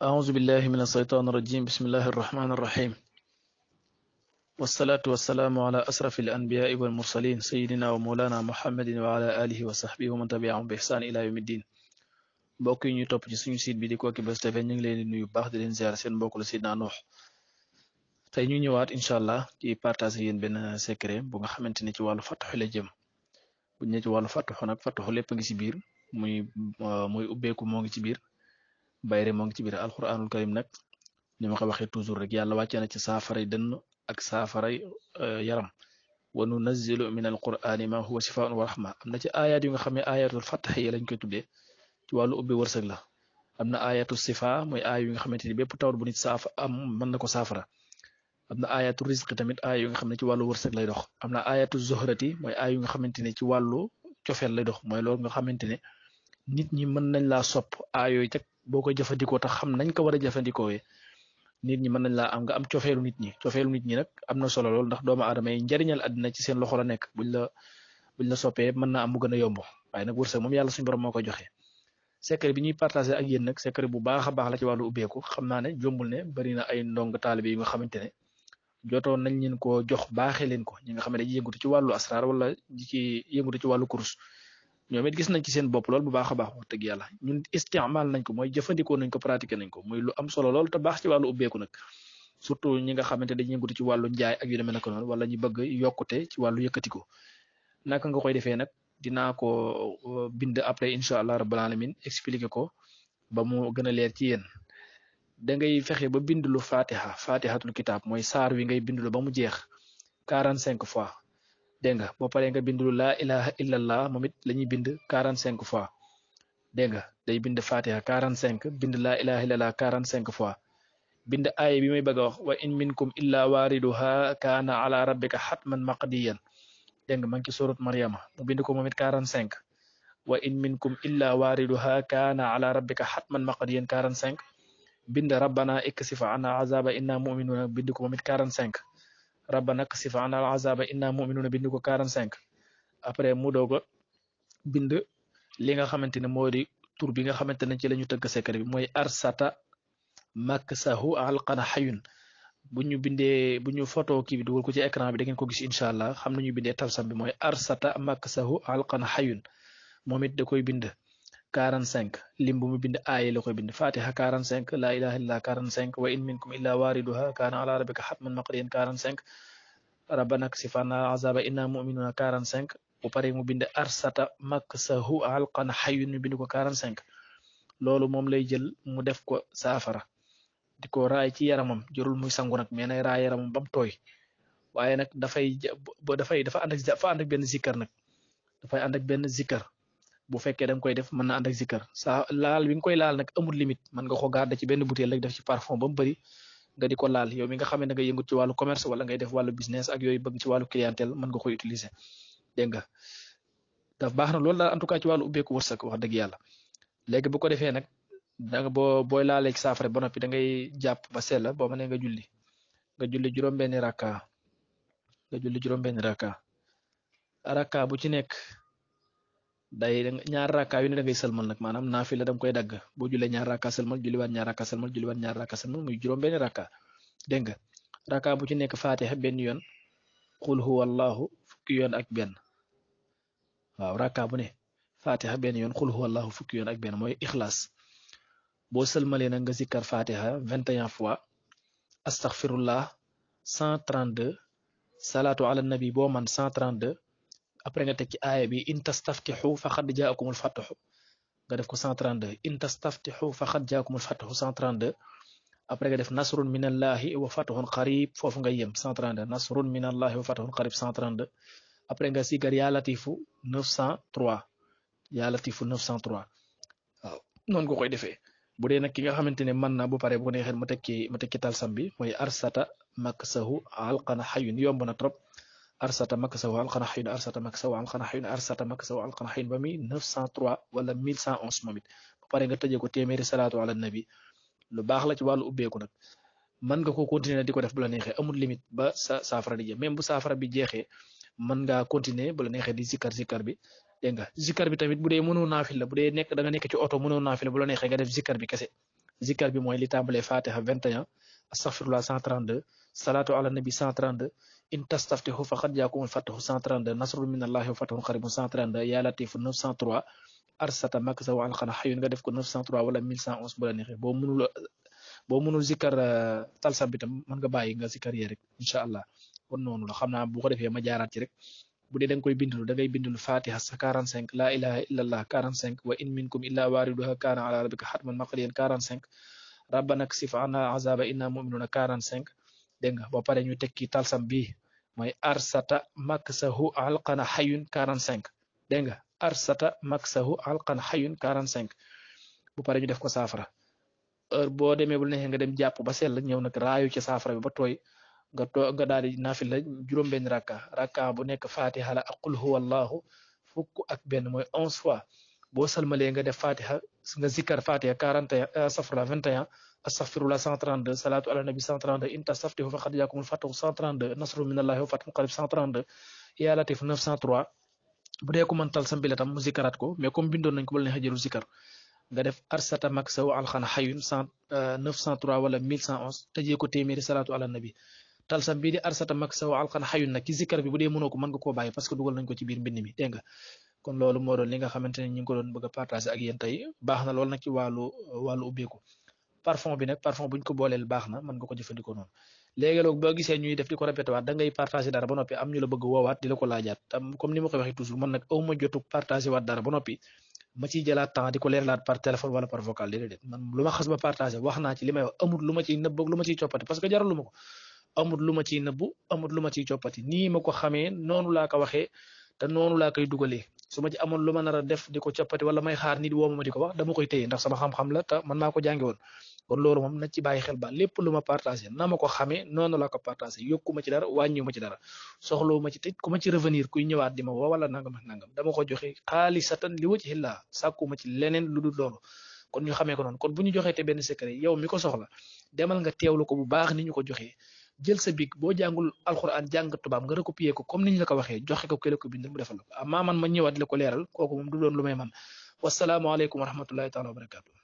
أعوذ بالله من الشيطان الرجيم بسم الله الرحمن الرحيم والصلاة والسلام على أسرف الأنبياء والمرسلين سيدنا ومولانا محمد وعلى آله وصحبه ومن تبعهم بإحسان إلى يوم الدين بوكي نيو توب سي سونو سيت بي ديكو كي باس تافي نيغ لين نيو باخ دي لين زيار سين بوكو سيدنا نوح تاي نيو نيوات ان شاء الله تي بارتاجي يين بن سيكري بوغا خامتيني تي والو فتح لا جيم بو ني تي والو فتح نك فتح ليپ غي سي بير موي موي اوبيكو موغي سي بير bayre mo ngi ci bir alquranul karim nak ni ma ko waxe toujours rek yàlla wacce na ci safaray den ak safaray yaram wa nunzilu min alqurani ma huwa shifaa'un wa rahma amna ci ayat yu nga xamé ayatul fath yi lañ koy tuddé ci walu ubbi wërsek la amna na ayatu sifa moy aaya yu nga xamante ni bépp tawr bu nit saafa am man nako safara amna am na ayatu risqi tamit aaya yu nga xamné ci walu wërsek lay dox amna na ayatu zuhrati moy aaya yu nga xamante ne ci walu ciofel lay dox moy loolu nga xamante ne nit ñi mën nañ la sop aayooyu ci boko jëfëndiko tax xam nañ ko wara a jëfandikoowee nit ñi mën nañ am nga am cofeelu nit ñi cofeelu nit ñi nak am solo lool ndax doomu adamay yi njariñal ci seen loxo la nek buñ la buñ la soppé mën am mu gëna yomb waye nak wërse mom yalla suñu borom moko joxé secret bi ñuy partager ak yeen nak secret bu baaxa baax la ci walu ubéku xam jombul ne bari na ay ndong talib yi nga xamante ne nañ leen ko jox baaxé leen ko ñi nga xamné ne dañuy yëngatu ci walu asrar wala ci yëngatu ci walu kurus ñoom it gis nañ ci seen bopp lool bu baax a baax wax dëgg yàlla ñun istimal nañ ko mooy jëfandikoo nañ ko pratiquer nañ ko muy lu am solo lool te baax ci wàllu ubbeeku nag surtout ñi nga xamante dañuy yëngatu ci wàllu njaay ak yu demee naka noonu wala ñu bëgg yokkute ci wàllu yëkkati ko naka nga koy defee nag dinaa ko euh, bind après incha allah rabbal alamin expliquer ko ba mu gën a leer ci yéen da ngay fexe ba bindlu fatiha fatihatul kitab mooy saar wi ngay bindlu ba mu jeex quarante cinq fois Denga, bo boo nga bind la ilaha illallah moom it la bind 45 fois denga day bind fatiha 45 bind la ilaha illallah 45 fois bind ay bi may bëgg wa in minkum illa wariduha kana ala rabbika hatman maqdiyan Denga nga ci surat maryama mu bind ko momit 45 wa in minkum illa wariduha kana ala rabbika hatman maqdiyan 45 bind rabbana ikshif anna azaba inna mu'minuna bind ko momit karan 45 rabbana kasif ana al azaba inna muminuna bind ko 45 après mu doog a bind li nga xamante ne moo bi nga xamante ci la ñu secret bi mooy arsata maksahu alqana xayun bu ñu bindee bu ñu photo kii bi dugal ko ci écran bi da ngeen ko gis incha allah xam nañu bi mooy arsata maksahu alqana xayun moom da koy bind 45 lim bu mu bind aaya la koy bind fatiha 45 la ilaha illa 45 wa in minkum illa wariduha kana ala rabbika hatman maqdiyan 45 rabbana ksifana azaba inna mu'minuna 45 bu pare mu bind arsata maksahu alqan hayyun mu bind ko 45 loolu moom lay jël mu def ko saafara di ko raay ci yaramam jërul muy sangu nag mais nay raay yaramam bam tooy waaye nag dafay dafay dafa ànd ak dafa ànd ak benn zikkar bu fekke dang koy def man na and ak zikar sa laal wi nga koy laal nak amul limite man nga ko garder ci benn bouteille rek def ci parfum bam bari nga diko ko laal yow mi nga xamé nga yëngut ci walu commerce wala ngay def walu business ak yoy bëgg ci walu clientèle man nga koy utiliser deng nga daf baax na lool la en tout cas ci walu ubbeeku wursak wax deug yalla légui bu ko defee nak da nga bo boy laalee ci safré bonopi da ngay japp ba sell bo mané nga julli nga julli juroom benni rakka nga julli juroom benni rakka rakka bu ci nekk day ñaar raka yu ne da ngay sëlmal nag maanaam naafila da nga koy dagg boo julee ñaar rakka sëlmal julliwaat ñaar rakka sëlmal julliwaat ñaar rakka sëlmal muy juróom benn rakka dégg nga rakka bu ci nekk fatiha benn yoon qul huwa allahu fukki yoon ak benn waaw rakka bu ne fatiha benn yoon qul huwa allahu yoon ak benn mooy ixlaas boo sëlmalee nag nga zikkar fatiha vingt et un fois astaghfirullah cent trente deux salaatu ala nabi boo man cent trente deux après nga teg ci aaya bi in tastaftihu faqad jaakumul fathu nga def ko 132 in tastaftihu faqad jaakumul fathu 132 après nga def nasrun minallahi wa fathun qarib foofu nga yem 132 nasrun minallahi wa fathun qarib 132 après nga sigar yaa latifu 903 yaa latifu 903 waaw noonu nga koy defee bu dee nag ki nga xamante ne mën na bu pare bu ko neexee ma tekki ma tekki talsam bi mooy arsata maksahu alqana xayun yomb na trop arsata makasaw alqanaxin arsata makasaw alqanaxin arsata makasaw alqanaxin ba mi 903 wala 1111 moom it ba pare nga tëjee ko téeméeri salaatu ala nabi lu baax la ci wàllu ubbeeku nag mën nga ko continuer di ko def bu la neexee amul limite ba sa saafara di jeex même bu saafara bi jeexee mën ngaa continuer bu la di zikkar zikkar bi dégg nga bi tamit bu dee mënoo la bu dee da nga nekk ci oto mënoo naafil la bu la nga def zikkar bi kese zikkar bi mooy li tàmbalee fatiha 21 astaghfirullah 132 salaatu ala nabi 132 ان تستفتح فقد يكون فتح 130 نصر من الله فتح قريب 130 يا لطيف 903 ارسلت مكس وعلقنا حي نغا ديفكو 903 ولا 1111 بولا نخي بو منول بو منول ذكر آه، تالسام بيتم منغا باي غا ذكر يي رك ان شاء الله كون نونو لا خمنا بو خرفي ما جارات رك بودي دنج كوي بيندلو داغي بيندلو فاتحه 45 لا اله الا الله 45 وان منكم الا واردها كان على ربك حتما مقليا 45 ربنا اكشف عنا عذاب انا مؤمنون 45 dégg nga ba pare ñu tekki talsam bi mooy arsata maksahu alqana xayun 45 dégg nga arsata maksahu alqana xayun 45 bu pare ñu def ko saafara heure boo demee bu neexee nga dem jàpp ba sell ñëw nag raayu ca saafara bi ba tooy nga too nga daal di naafila juróom-benn rakka rakka bu nekk fatiha la ak qul huwa allahu fukk ak benn mooy onze fois boo salmalee nga def fatiha nga zikkar fatiha 40 safra 21 astaghfirullah 132 salatu ala nabi 132 in tastaftihu faqad jaakumul fathu 132 nasru minallahi wa fathun qarib 132 ya latif 903 bu dee ku mën tal sambi la tam mu zikaraat ko mais comme bindoon nañ ko bal ne xajaru zikar nga def arsata mag saw alxan xayun 903 wala 1111 tëjee ko téeméeri salatu ala nabi talsam bii di arsata mag saw alxan xayun nag ki zikar bi bu dee mënoo ko mën nga koo bàyyi parce que dugal nañ ko ci biir mbind mi dégg nga kon loolu moo doon li nga xamante ne ñu ngi ko doon bëgg a partager ak yéen tey baax na lool nag ci wàllu wàllu ubbeeku parfum bi nak parfum buñ ko booleel baax na mën nga ko jëfëndiko non léegi loog boo gisee ñuy def diko ko répété waat da ngay partager dara ba nopi am ñu la bëgg woowat di la ko tam comme ni ma tous man nak awma jottu partager waat dara ba nopi ma ci jëla temps di ko par téléphone wala par vocal dédé man luma xass ba partager waxna ci limay wax amut luma ci neub luma ci ciopati parce que jaralu ma ko amut luma ci neub nëbb amut lu ma ciy coppati ma ko xamee noonu laa ko waxee te noonu laa ci amoon luma nara def diko ciopati wala may xaar nit woo diko wax dama koy ndax sama xam-xam la ta man mako ko won kon loolu moom nañ ci bàyyi xel ba lépp lu ma partagé na ma ko xamee noonu la ko partagé yokkuma ci dara ci dara soxlawuma ci tej ku ma ci revenir kuy ñëwaat di ma wala nangam nangam dama ko joxe khalisatan li wajhi llah sàkkuma ci leneen lu dul loolu kon ñu xamee ko noonu kon bu ñu joxee te benn secret yow mi ko soxla demal nga teewlu ko bu baax ni ñu ko joxee jël sa bik boo jàngul alquran jàng tubaab nga recopier ko comme ni ñu la ko waxee joxe ko kële ko mu defal ko amaa man ma ñëwaat la ko leeral kooku moom du doon lu may man wasalaamualeykum wa rahmatullahi taala wa